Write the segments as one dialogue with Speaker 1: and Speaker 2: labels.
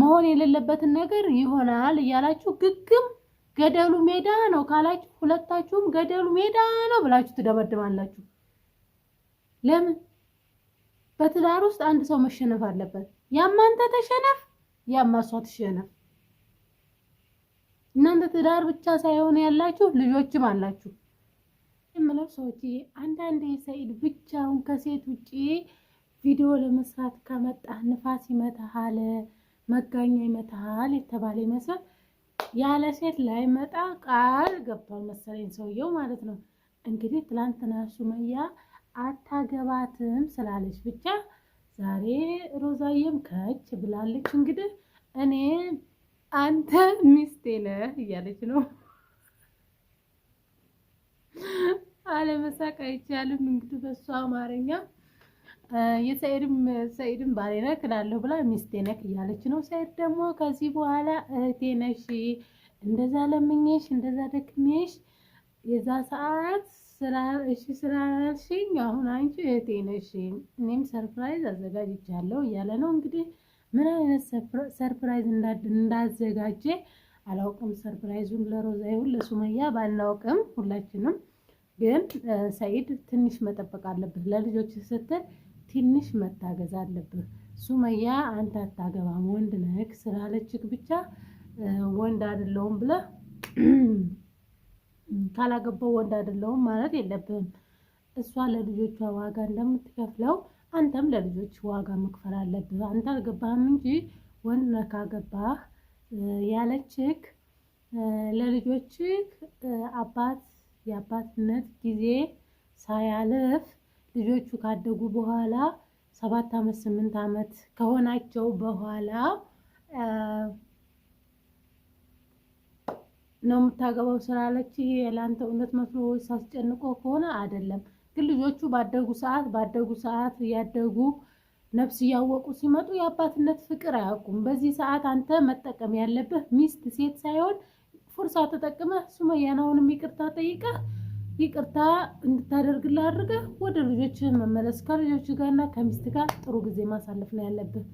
Speaker 1: መሆን የሌለበትን ነገር ይሆናል እያላችሁ ግግም ገደሉ ሜዳ ነው ካላችሁ ሁለታችሁም ገደሉ ሜዳ ነው ብላችሁ ትደመድማላችሁ። ለምን? በትዳር ውስጥ አንድ ሰው መሸነፍ አለበት። ያማ አንተ ተሸነፍ፣ ያማ እሷ ትሸነፍ። እናንተ ትዳር ብቻ ሳይሆን ያላችሁ ልጆችም አላችሁ። የምለው ሰዎች አንዳንዴ ሰኢድ ብቻውን ከሴት ውጭ ቪዲዮ ለመስራት ከመጣ ንፋስ ይመታሃል። መጋኛ ይመታል የተባለ ይመስላል። ያለ ሴት ላይመጣ ቃል ገብቷል መሰለኝ ሰውየው ማለት ነው። እንግዲህ ትላንትና ሱመያ አታገባትም ስላለች ብቻ ዛሬ ሮዛዬም ከች ብላለች። እንግዲህ እኔ አንተ ሚስቴ ነህ እያለች ነው። አለመሳቅ አይቻልም እንግዲህ በእሱ አማርኛ የሰኢድም ሰኢድም ባሌ ነክ እላለሁ ብላ ሚስቴ ነክ እያለች ነው። ሰኢድ ደግሞ ከዚህ በኋላ እህቴ ነሽ፣ እንደዛ ለምኜሽ፣ እንደዛ ደክሜሽ የዛ ሰዓት እሺ ስላልሽኝ አሁን አንቺ እህቴ ነሽ፣ እኔም ሰርፕራይዝ አዘጋጅቻለሁ እያለ ነው እንግዲህ ምን አይነት ሰርፕራይዝ እንዳዘጋጀ አላውቅም። ሰርፕራይዙን ለሮዛ ይሁን ለሱመያ ባናውቅም ሁላችንም ግን ሰኢድ ትንሽ መጠበቅ አለበት ለልጆች ስትል ትንሽ መታገዝ አለብህ። ሱመያ አንተ አታገባም ወንድ ነህ ስላለችህ ብቻ ወንድ አይደለሁም ብለህ ካላገባው ወንድ አይደለሁም ማለት የለብህም። እሷ ለልጆቿ ዋጋ እንደምትከፍለው አንተም ለልጆች ዋጋ መክፈል አለብህ። አንተ አልገባህም እንጂ ወንድ ነህ ካገባህ ያለችህ ለልጆችህ አባት የአባትነት ጊዜ ሳያልፍ ልጆቹ ካደጉ በኋላ ሰባት ዓመት ስምንት ዓመት ከሆናቸው በኋላ ነው የምታገባው ስላለች ለአንተ እውነት መስሎ ሳስጨንቆ ከሆነ አይደለም። ግን ልጆቹ ባደጉ ሰዓት ባደጉ ሰዓት እያደጉ ነፍስ እያወቁ ሲመጡ የአባትነት ፍቅር አያውቁም። በዚህ ሰዓት አንተ መጠቀም ያለብህ ሚስት ሴት ሳይሆን ፉርሳ ተጠቅመህ ሱመያን አሁንም ይቅርታ ጠይቀህ ይቅርታ እንድታደርግልህ አድርገህ ወደ ልጆች መመለስ ከልጆች ጋርና ከሚስት ጋር ጥሩ ጊዜ ማሳለፍ ነው ያለብህ።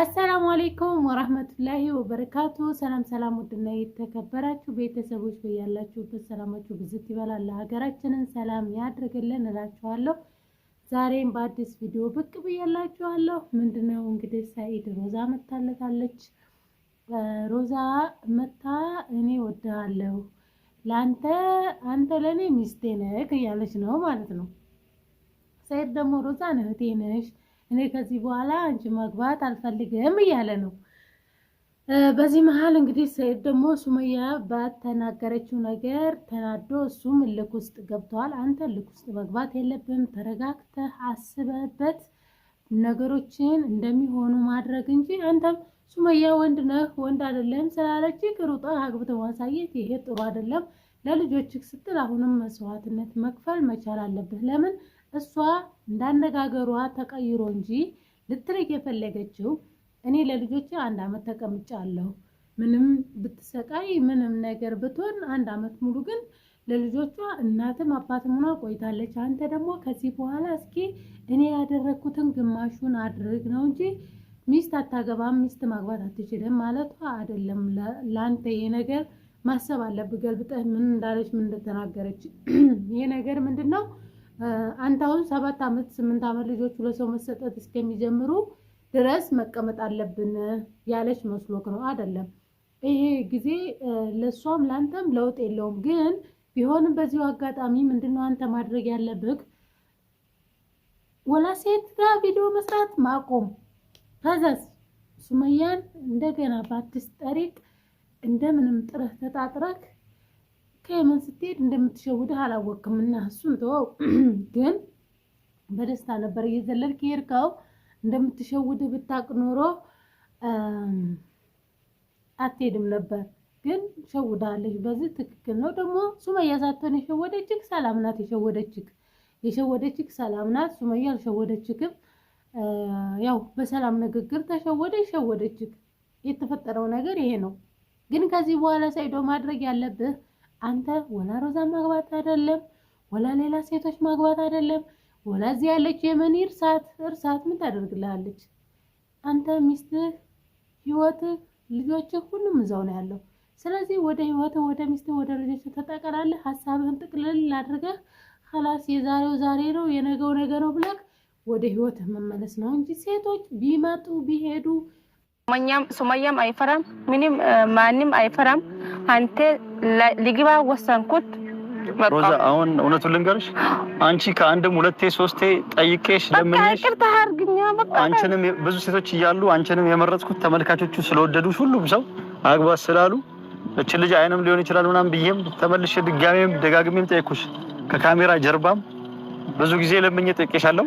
Speaker 1: አሰላሙ አሌይኩም ወራህመቱላሂ ወበረካቱ። ሰላም ሰላም፣ ውድና የተከበራችሁ ቤተሰቦች በያላችሁበት ሰላማችሁ ብዝት ይበላል። ሀገራችንን ሰላም ያድርግልን እላችኋለሁ። ዛሬም በአዲስ ቪዲዮ ብቅ ብያላችኋለሁ። ምንድነው እንግዲህ ሰኢድ ሮዛ መታለታለች። ሮዛ መታ እኔ ወድሃለሁ ለአንተ አንተ ለእኔ ሚስቴ ነህ እያለች ነው ማለት ነው። ሰይድ ደግሞ ሮዛን እህቴ ነሽ፣ እኔ ከዚህ በኋላ አንቺ መግባት አልፈልግም እያለ ነው። በዚህ መሀል እንግዲህ ሰይድ ደግሞ ሱመያ ባተናገረችው ነገር ተናዶ እሱም እልክ ውስጥ ገብተዋል። አንተ እልክ ውስጥ መግባት የለብም ተረጋግተህ አስበበት ነገሮችን እንደሚሆኑ ማድረግ እንጂ አንተም ሱመያ ወንድ ነህ ወንድ አይደለም ስላለች ሩጣ አግብተ ማሳየት ይሄ ጥሩ አይደለም። ለልጆችህ ስትል አሁንም መስዋዕትነት መክፈል መቻል አለብህ። ለምን እሷ እንዳነጋገሯ ተቀይሮ እንጂ ልትርቅ የፈለገችው እኔ ለልጆች አንድ አመት ተቀምጫለሁ ምንም ብትሰቃይ ምንም ነገር ብትሆን አንድ አመት ሙሉ ግን ለልጆቿ እናትም አባትም ሆና ቆይታለች። አንተ ደግሞ ከዚህ በኋላ እስኪ እኔ ያደረግኩትን ግማሹን አድርግ ነው እንጂ ሚስት አታገባም፣ ሚስት ማግባት አትችልም ማለቷ አይደለም። ለአንተ ይሄ ነገር ማሰብ አለብህ። ገልብጠህ ምን እንዳለች ምን እንደተናገረች። ይሄ ነገር ምንድን ነው? አንተ አሁን ሰባት ዓመት ስምንት ዓመት ልጆቹ ለሰው መሰጠት እስከሚጀምሩ ድረስ መቀመጥ አለብን ያለች መስሎክ ነው አይደለም። ይሄ ጊዜ ለእሷም ለአንተም ለውጥ የለውም። ግን ቢሆንም በዚሁ አጋጣሚ ምንድነው አንተ ማድረግ ያለብህ ወላ ሴት ጋር ቪዲዮ መስራት ማቆም ከዛስ ሱመያን እንደገና በአዲስ ጠሪቅ እንደምንም ጥረህ ተጣጥረክ ከየመን ስትሄድ እንደምትሸውድህ አላወቅም እና እሱን ተወው። ግን በደስታ ነበር እየዘለልክ የሄድከው። እንደምትሸውድህ ብታቅ ኖሮ አትሄድም ነበር። ግን ሸውዳለች። በዚህ ትክክል ነው። ደግሞ ሱመያ ሳትሆን የሸወደችህ ሰላም ናት። የሸወደችህ የሸወደችህ ሰላም ናት። ሱመያ አልሸወደችህም። ያው በሰላም ንግግር ተሸወደ ይሸወደች። የተፈጠረው ነገር ይሄ ነው። ግን ከዚህ በኋላ ሰይዶ ማድረግ ያለብህ አንተ ወላ ሮዛ ማግባት አይደለም፣ ወላ ሌላ ሴቶች ማግባት አይደለም፣ ወላ እዚህ ያለች የመኒ እርሳት እርሳት ምን ታደርግልሃለች? አንተ ሚስትህ፣ ህይወትህ፣ ልጆችህ ሁሉም እዛው ነው ያለው። ስለዚህ ወደ ህይወትህ፣ ወደ ሚስትህ፣ ወደ ልጆች ተጠቀላለህ። ሀሳብህን ጥቅልል አድርገህ ኸላስ የዛሬው ዛሬ ነው የነገው ነገ ነው ብለህ ወደ ህይወትህ መመለስ ነው እንጂ ሴቶች ቢመጡ ቢሄዱ ሱመያም አይፈራም፣ ምንም ማንም አይፈራም። አንተ ልግባ ወሰንኩት። ሮዛ አሁን እውነቱን ልንገርሽ፣ አንቺ ከአንድም ሁለቴ ሶስቴ ጠይቄሽ ለምንሽ አንቺንም ብዙ ሴቶች እያሉ አንቺንም የመረጥኩት ተመልካቾቹ ስለወደዱሽ ሁሉም ሰው አግባ ስላሉ እች ልጅ አይንም ሊሆን ይችላል ምናምን ብዬም ተመልሼ ድጋሜም ደጋግሜም ጠየኩሽ። ከካሜራ ጀርባም ብዙ ጊዜ ለምኜ ጠይቄሻለሁ።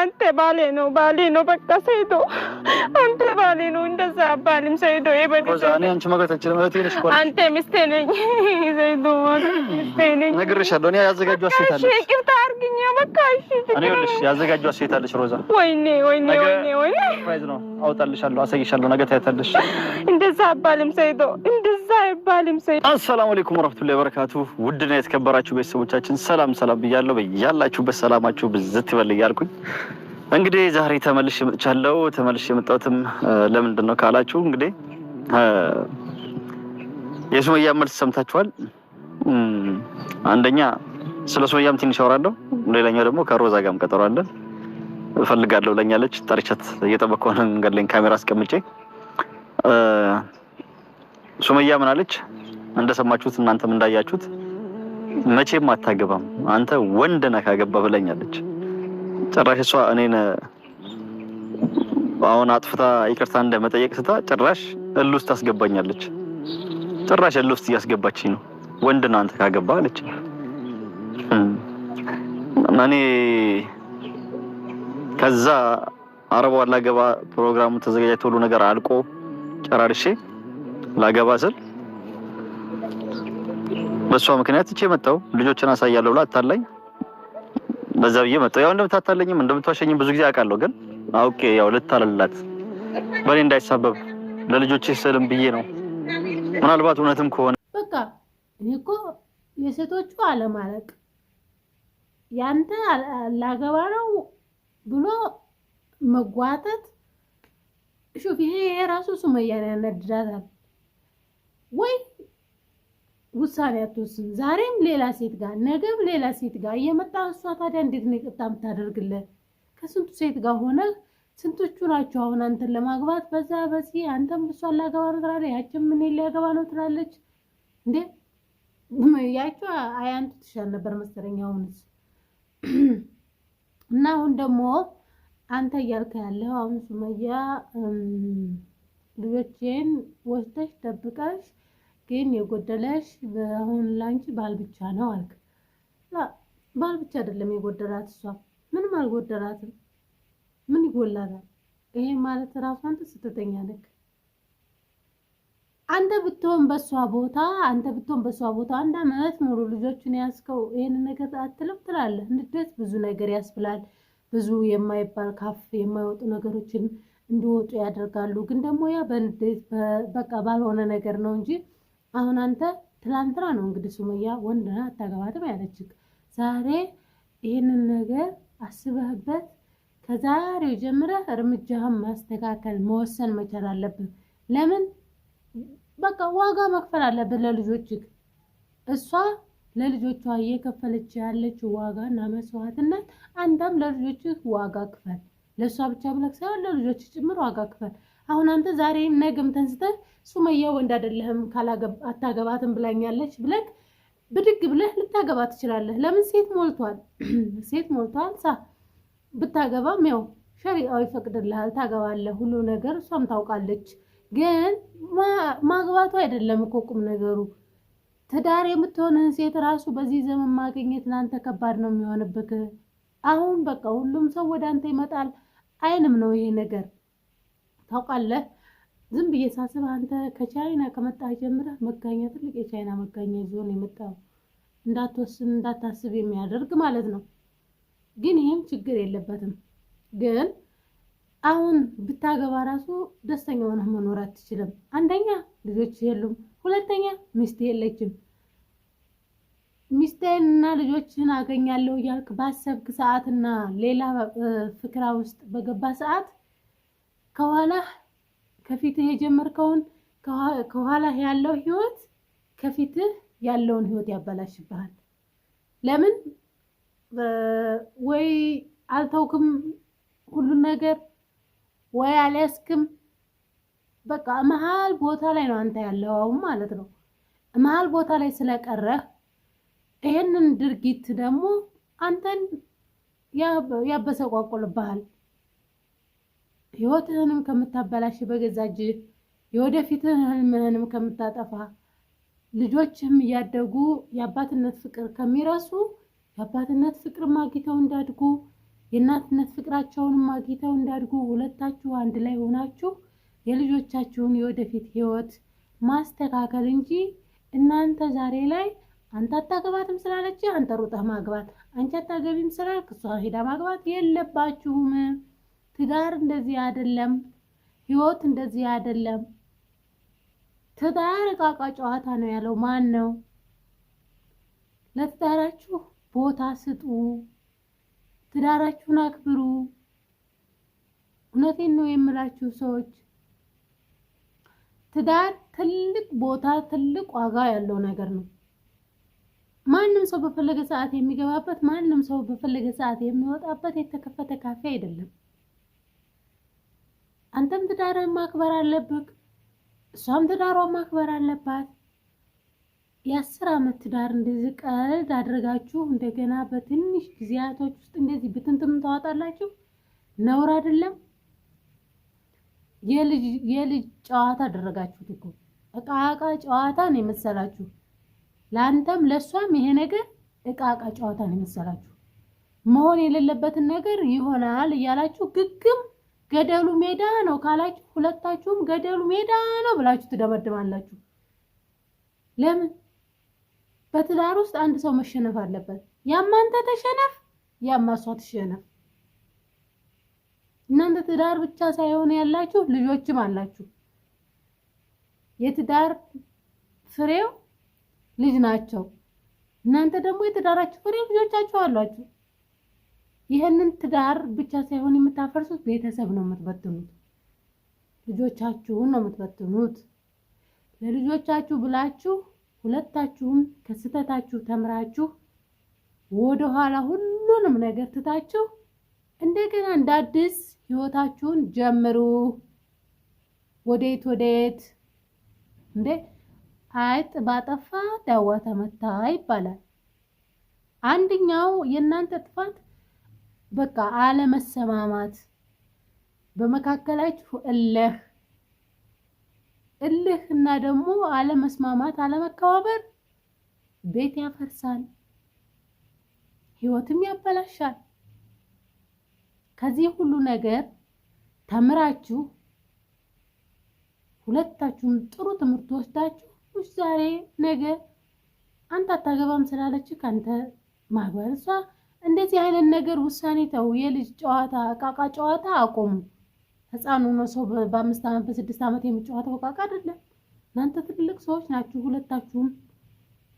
Speaker 1: አንተ ባሌ ነው ባሌ ነው በቃ ሰይዶ፣ አንተ ባሌ ነው። እንደዛ አባልም ሰይዶ። አንተ ሚስቴ ነኝ ሰይዶ፣ ሚስቴ ነኝ ነግሬሻለሁ። እኔ ያዘጋጇት ሴት አለች። ይቅርታ አድርግኝ በቃ እሺ። እኔ ይኸውልሽ ያዘጋጇት ሴት አለች ሮዛ። ወይኔ ወይኔ ወይኔ ወይኔ፣ አውጣልሻለሁ፣ አሳይሻለሁ። ነገ ታያታለሽ። እንደዛ አባልም ሰይዶ እንደ አይባልም። ሰ አሰላሙ አለይኩም ወራህመቱላሂ ወበረካቱ። ውድና የተከበራችሁ ቤተሰቦቻችን ሰላም ሰላም ብያለሁ። ያላችሁበት ሰላማችሁ ብዝት ይበል እያልኩኝ እንግዲህ ዛሬ ተመልሼ መጥቻለሁ። ተመልሼ የመጣሁትም ለምንድን ነው ካላችሁ እንግዲህ የሱመያ መልስ ሰምታችኋል። አንደኛ ስለ ሱመያም ትንሽ አወራለሁ፣ ሌላኛው ደግሞ ከሮዛ ጋርም ቀጠሮ አለን እፈልጋለሁ ብላኛለች። ጠርቻት እየጠበቅኳት ነው። መንገድ ላይ ካሜራ አስቀምጬ ሱመያ ምን አለች? እንደሰማችሁት እናንተም እንዳያችሁት መቼም አታገባም አንተ ወንድ ነህ ካገባ ብለኛለች። ጭራሽ እሷ እኔን አሁን አጥፍታ ይቅርታ እንደመጠየቅ ስታ ጭራሽ እልህ ውስጥ ታስገባኛለች። ጭራሽ እልህ ውስጥ እያስገባችኝ ነው። ወንድ ነህ አንተ ካገባ አለች። እኔ ከዛ አረቧ አላገባ ፕሮግራሙ ተዘጋጅቶ ሁሉ ነገር አልቆ ጨራርሼ ላገባ ስል በእሷ ምክንያት ትቼ መጣሁ። ልጆችን አሳያለሁ ብላ አታላኝ፣ በዛ ብዬ መጣሁ። ያው እንደምታታለኝም እንደምትዋሸኝም ብዙ ጊዜ አውቃለሁ፣ ግን አውቄ ያው ልታለላት በእኔ እንዳይሳበብ ለልጆች ስልም ብዬ ነው። ምናልባት እውነትም ከሆነ በቃ እኔ እኮ የሴቶቹ አለማለቅ ያንተ ላገባ ነው ብሎ መጓተት ሹፍ፣ ይሄ የራሱ ሱመያን ያናድዳታል። ወይ ውሳኔ አትወስን። ዛሬም ሌላ ሴት ጋር፣ ነገም ሌላ ሴት ጋር እየመጣ እሷ ታዲያ እንዴት ነው ይቅርታ የምታደርግለት? ከስንቱ ሴት ጋር ሆነ ስንቶቹ ናቸው አሁን አንተን ለማግባት በዛ በዚህ አንተም እሷን ላገባ ነው ትላለች፣ ያችም ምን ሊያገባ ነው ትላለች። እንዴ ያቸ አያንቱ ትሻል ነበር መሰለኝ አሁንስ። እና አሁን ደግሞ አንተ እያልከ ያለው አሁን ሱመያ ልጆቼን ወስደሽ ጠብቀሽ ግን የጎደለሽ በአሁን ላንቺ ባል ብቻ ነው አልክ። ባል ብቻ አይደለም የጎደላት፣ እሷ ምንም አልጎደላትም። ምን ይጎላታል? ይሄ ማለት ራሱ አንተ ስትተኛ ነክ አንተ ብትሆን በሷ ቦታ አንተ ብትሆን በሷ ቦታ አንድ አመት ሙሉ ልጆቹን ያስከው ይህን ነገር አትልም ትላለህ። ንዴት ብዙ ነገር ያስብላል። ብዙ የማይባል ካፍ የማይወጡ ነገሮችን እንዲወጡ ያደርጋሉ። ግን ደግሞ ያ በንዴት በቃ ባልሆነ ነገር ነው እንጂ አሁን አንተ ትላንትና ነው እንግዲህ ሱመያ ወንድ አታገባትም ያለችህ። ዛሬ ይህንን ነገር አስበህበት ከዛሬው ጀምረህ እርምጃህን ማስተካከል መወሰን መቻል አለብህ። ለምን በቃ ዋጋ መክፈል አለብህ ለልጆችህ። እሷ ለልጆቿ እየከፈለች ያለችው ዋጋና መስዋዕትነት፣ አንተም ለልጆችህ ዋጋ ክፈል። ለእሷ ብቻ ብለህ ሳይሆን ለልጆች ጭምር ዋጋ ክፈል። አሁን አንተ ዛሬ ነግም ተንስተህ ሱመያ ወንድ አይደለህም አታገባትም ብላኛለች ብለህ ብድግ ብለህ ልታገባ ትችላለህ። ለምን ሴት ሞልቷል፣ ሴት ሞልቷል። ሳ ብታገባም ያው ሸሪአው ይፈቅድልሃል፣ ታገባለህ። ሁሉ ነገር እሷም ታውቃለች። ግን ማግባቱ አይደለም እኮ ቁም ነገሩ ትዳር የምትሆንህን ሴት ራሱ በዚህ ዘመን ማግኘት ለአንተ ከባድ ነው የሚሆንብህ። አሁን በቃ ሁሉም ሰው ወደ አንተ ይመጣል። አይንም ነው ይሄ ነገር ታውቃለህ ዝም ብዬ ሳስብ አንተ ከቻይና ከመጣ ጀምረ መጋኛ ትልቅ የቻይና መጋኛ ይዞ ነው የመጣው እንዳትወስን እንዳታስብ የሚያደርግ ማለት ነው። ግን ይህም ችግር የለበትም። ግን አሁን ብታገባ ራሱ ደስተኛ ሆነህ መኖር አትችልም። አንደኛ ልጆች የሉም፣ ሁለተኛ ሚስት የለችም። ሚስቴንና ልጆችን አገኛለሁ እያልክ ባሰብክ ሰዓትና ሌላ ፍክራ ውስጥ በገባ ሰዓት ከኋላ ከፊትህ የጀመርከውን ከኋላ ያለው ህይወት ከፊትህ ያለውን ህይወት ያበላሽብሃል። ለምን ወይ አልተውክም ሁሉን ነገር ወይ አልያዝክም። በቃ መሀል ቦታ ላይ ነው አንተ ያለው ማለት ነው። መሀል ቦታ ላይ ስለቀረህ ይህንን ድርጊት ደግሞ አንተን ያበሰቋቁልብሃል። ህይወትህንም ከምታበላሽ በገዛ እጅህ የወደፊትህ ህልምህንም ከምታጠፋ ልጆችም እያደጉ የአባትነት ፍቅር ከሚረሱ የአባትነት ፍቅር ማግኝተው እንዳድጉ የእናትነት ፍቅራቸውን ማግኝተው እንዳድጉ ሁለታችሁ አንድ ላይ ሆናችሁ የልጆቻችሁን የወደፊት ህይወት ማስተካከል እንጂ እናንተ ዛሬ ላይ አንተ አታገባትም ስላለች አንተ ሩጠህ ማግባት፣ አንቺ አታገቢም ስላልክ እሷ ሄዳ ማግባት የለባችሁም። ትዳር እንደዚህ አይደለም፣ ህይወት እንደዚህ አይደለም። ትዳር እቃቃ ጨዋታ ነው ያለው ማን ነው? ለትዳራችሁ ቦታ ስጡ፣ ትዳራችሁን አክብሩ። እውነቴን ነው የምላችሁ ሰዎች ትዳር ትልቅ ቦታ ትልቅ ዋጋ ያለው ነገር ነው። ማንም ሰው በፈለገ ሰዓት የሚገባበት ማንም ሰው በፈለገ ሰዓት የሚወጣበት የተከፈተ ካፌ አይደለም። አንተም ትዳርን ማክበር አለብህ፣ እሷም ትዳሯ ማክበር አለባት። የአስር ዓመት ትዳር እንደዚህ ቀልድ አድርጋችሁ እንደገና በትንሽ ጊዜያቶች ውስጥ እንደዚህ ብትንትም ታዋጣላችሁ። ነውር አይደለም። የልጅ ጨዋታ አደረጋችሁት እኮ እቃቃ ጨዋታ ነው የመሰላችሁ። ለአንተም ለእሷም ይሄ ነገር እቃቃ ጨዋታ ነው የመሰላችሁ። መሆን የሌለበትን ነገር ይሆናል እያላችሁ ግግም ገደሉ ሜዳ ነው ካላችሁ ሁለታችሁም ገደሉ ሜዳ ነው ብላችሁ ትደመድማላችሁ። ለምን? በትዳር ውስጥ አንድ ሰው መሸነፍ አለበት። ያማ አንተ ተሸነፍ፣ ያማ እሷ ትሸነፍ። እናንተ ትዳር ብቻ ሳይሆን ያላችሁ ልጆችም አላችሁ። የትዳር ፍሬው ልጅ ናቸው። እናንተ ደግሞ የትዳራችሁ ፍሬ ልጆቻችሁ አሏችሁ። ይህንን ትዳር ብቻ ሳይሆን የምታፈርሱት ቤተሰብ ነው የምትበትኑት። ልጆቻችሁን ነው የምትበትኑት። ለልጆቻችሁ ብላችሁ ሁለታችሁም ከስህተታችሁ ተምራችሁ ወደኋላ ሁሉንም ነገር ትታችሁ እንደገና እንደ አዲስ ህይወታችሁን ጀምሩ። ወዴት ወዴት እንዴ! አይጥ ባጠፋ ዳዋ ተመታ ይባላል። አንድኛው የእናንተ ጥፋት በቃ አለመሰማማት በመካከላችሁ እልህ እልህ እና ደግሞ አለመስማማት፣ አለመከባበር ቤት ያፈርሳል፣ ህይወትም ያበላሻል። ከዚህ ሁሉ ነገር ተምራችሁ ሁለታችሁም ጥሩ ትምህርት ወስዳችሁ ዛሬ ነገ አንተ አታገባም ስላለች ከአንተ ማግባት እሷ እንደዚህ አይነት ነገር ውሳኔ ተው። የልጅ ጨዋታ እቃቃ ጨዋታ አቆሙ። ህፃኑ ነው ሰው በአምስት ዓመት በስድስት ዓመት የሚጫወተው እቃቃ አይደለም። እናንተ ትልልቅ ሰዎች ናችሁ ሁለታችሁም።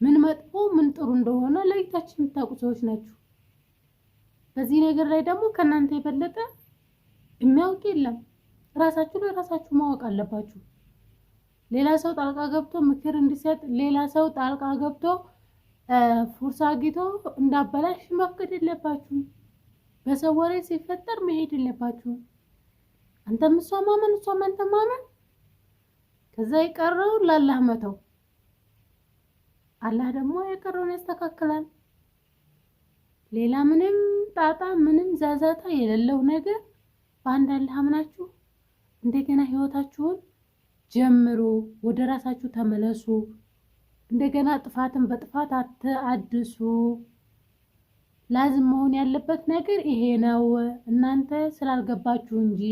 Speaker 1: ምን መጥፎ ምን ጥሩ እንደሆነ ለይታችሁ የምታውቁ ሰዎች ናችሁ። በዚህ ነገር ላይ ደግሞ ከእናንተ የበለጠ የሚያውቅ የለም። ራሳችሁ ለራሳችሁ ማወቅ አለባችሁ። ሌላ ሰው ጣልቃ ገብቶ ምክር እንዲሰጥ ሌላ ሰው ጣልቃ ገብቶ ፉርስ አግኝቶ እንዳበላሽ መፍቀድ የለባችሁም። በሰው ወሬ ሲፈጠር መሄድ የለባችሁም። አንተም እሷ ማመን እሷም አንተ ማመን፣ ከዛ የቀረው ላላህ መተው። አላህ ደግሞ የቀረውን ያስተካክላል። ሌላ ምንም ጣጣ ምንም ዛዛታ የሌለው ነገር በአንድ አላህ አምናችሁ እንደገና ህይወታችሁን ጀምሩ። ወደ ራሳችሁ ተመለሱ። እንደገና ጥፋትን በጥፋት አትአድሱ። ላዝም መሆን ያለበት ነገር ይሄ ነው፣ እናንተ ስላልገባችሁ እንጂ